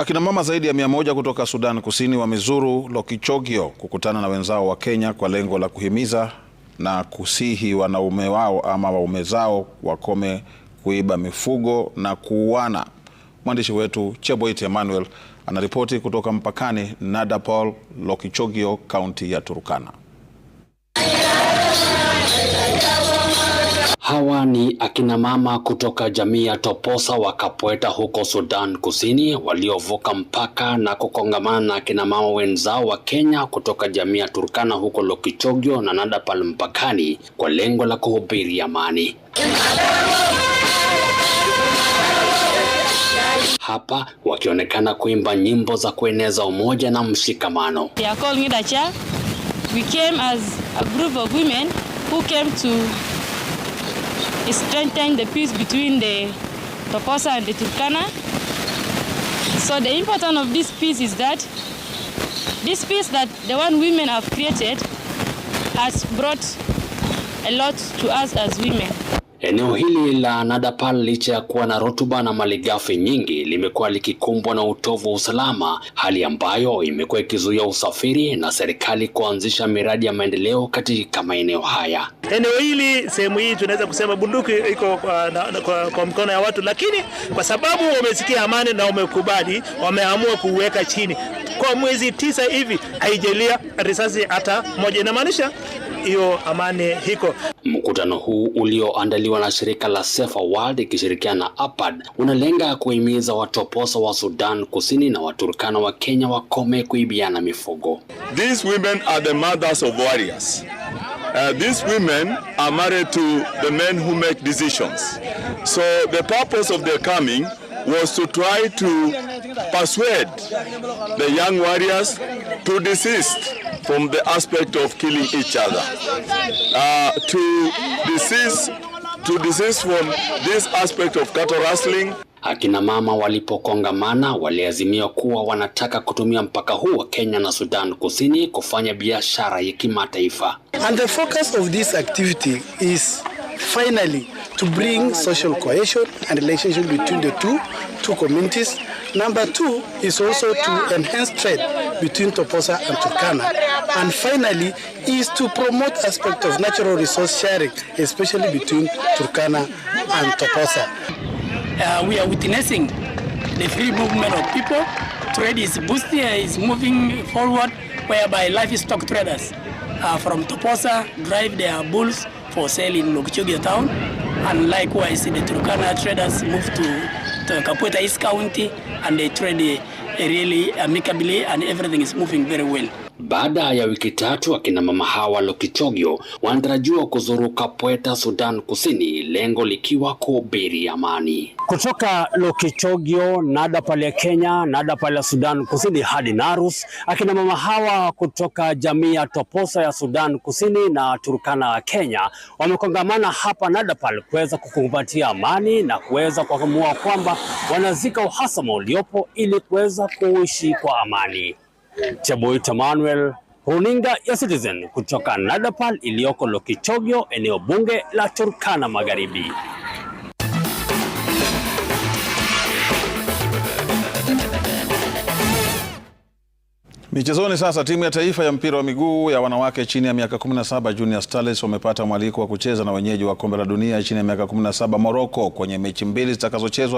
Akina mama zaidi ya mia moja kutoka Sudan Kusini wamezuru Lokichogio kukutana na wenzao wa Kenya kwa lengo la kuhimiza na kusihi wanaume wao ama waume zao wakome kuiba mifugo na kuuana. Mwandishi wetu Cheboit Emmanuel anaripoti kutoka mpakani nadapol Lokichogio, kaunti ya Turkana. Hawa ni akina mama kutoka jamii ya Toposa wa Kapweta huko Sudan Kusini waliovuka mpaka na kukongamana na akina mama wenzao wa Kenya kutoka jamii ya Turkana huko Lokichogyo na Nadapal mpakani kwa lengo la kuhubiri amani. Hapa wakionekana kuimba nyimbo za kueneza umoja na mshikamano. They are calling it a strengthen the peace between the Toposa and the Turkana. So the importance of this peace is that this peace that the one women have created has brought a lot to us as women. Eneo hili la Nadapal licha ya kuwa na rutuba na malighafi nyingi limekuwa likikumbwa na utovu wa usalama, hali ambayo imekuwa ikizuia usafiri na serikali kuanzisha miradi ya maendeleo katika maeneo haya. Eneo hili sehemu hii tunaweza kusema bunduki iko kwa, uh, kwa, kwa mkono ya watu, lakini kwa sababu wamesikia amani na wamekubali, wameamua kuweka chini kwa mwezi tisa hivi haijalia risasi hata moja, inamaanisha hiyo amani hiko. Mkutano huu ulioandaliwa na shirika la Sefa World ikishirikiana na APAD unalenga kuhimiza watu Watoposa wa Sudan Kusini na Waturkana wa Kenya wakome kuibiana mifugo. These women are the mothers of warriors. Uh, these women are married to the men who make decisions. So the purpose of their coming was to try to persuade the young warriors to desist from the aspect of killing each other. Uh, to desist, to desist from this aspect of cattle rustling. Akina mama walipokongamana waliazimia kuwa wanataka kutumia mpaka huu wa Kenya na Sudan Kusini kufanya biashara ya kimataifa. And the focus of this activity is finally to bring social cohesion and relationship between the two two communities Number two is also to enhance trade between Toposa and Turkana. And finally, is to promote aspect of natural resource sharing, especially between Turkana and Toposa. Uh, we are witnessing the free movement of people. Trade is boosting, uh, is moving forward, whereby livestock traders uh, from Toposa drive their bulls for sale in Lokchogyo town. And likewise, the Turkana traders move to Kapweta East County and they trade really amicably and everything is moving very well. Baada ya wiki tatu akina mama hawa Lokitogyo wanatarajiwa kuzuru Kapweta, Sudan Kusini lengo likiwa kuhubiri amani. Kutoka Lokichogio, Nada pale ya Kenya, Nada pale ya Sudan Kusini hadi Narus, akina mama hawa kutoka jamii ya Toposa ya Sudan Kusini na Turkana ya Kenya wamekongamana hapa Nadapal kuweza kukumbatia amani na kuweza kuamua kwamba wanazika uhasama uliopo ili kuweza kuishi kwa amani. Cheboit Emmanuel Runinga ya Citizen kutoka Nadapal iliyoko Lokichogyo, eneo bunge la Turkana Magharibi. Michezoni sasa, timu ya taifa ya mpira wa miguu ya wanawake chini ya miaka 17 Junior Stars wamepata mwaliko wa kucheza na wenyeji wa kombe la dunia chini ya miaka 17 Morocco kwenye mechi mbili zitakazochezwa